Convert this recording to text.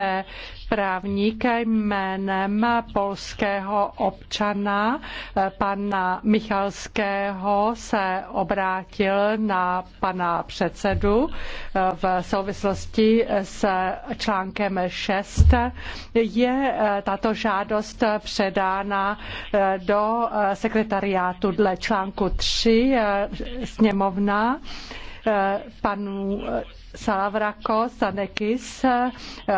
E, právník jménem polského občana e, pana Michalského se obrátil na pana předsedu e, v souvislosti s článkem 6. Je tato žádost předána do sekretariátu dle článku 3 sněmovna panu Salavrako Anekis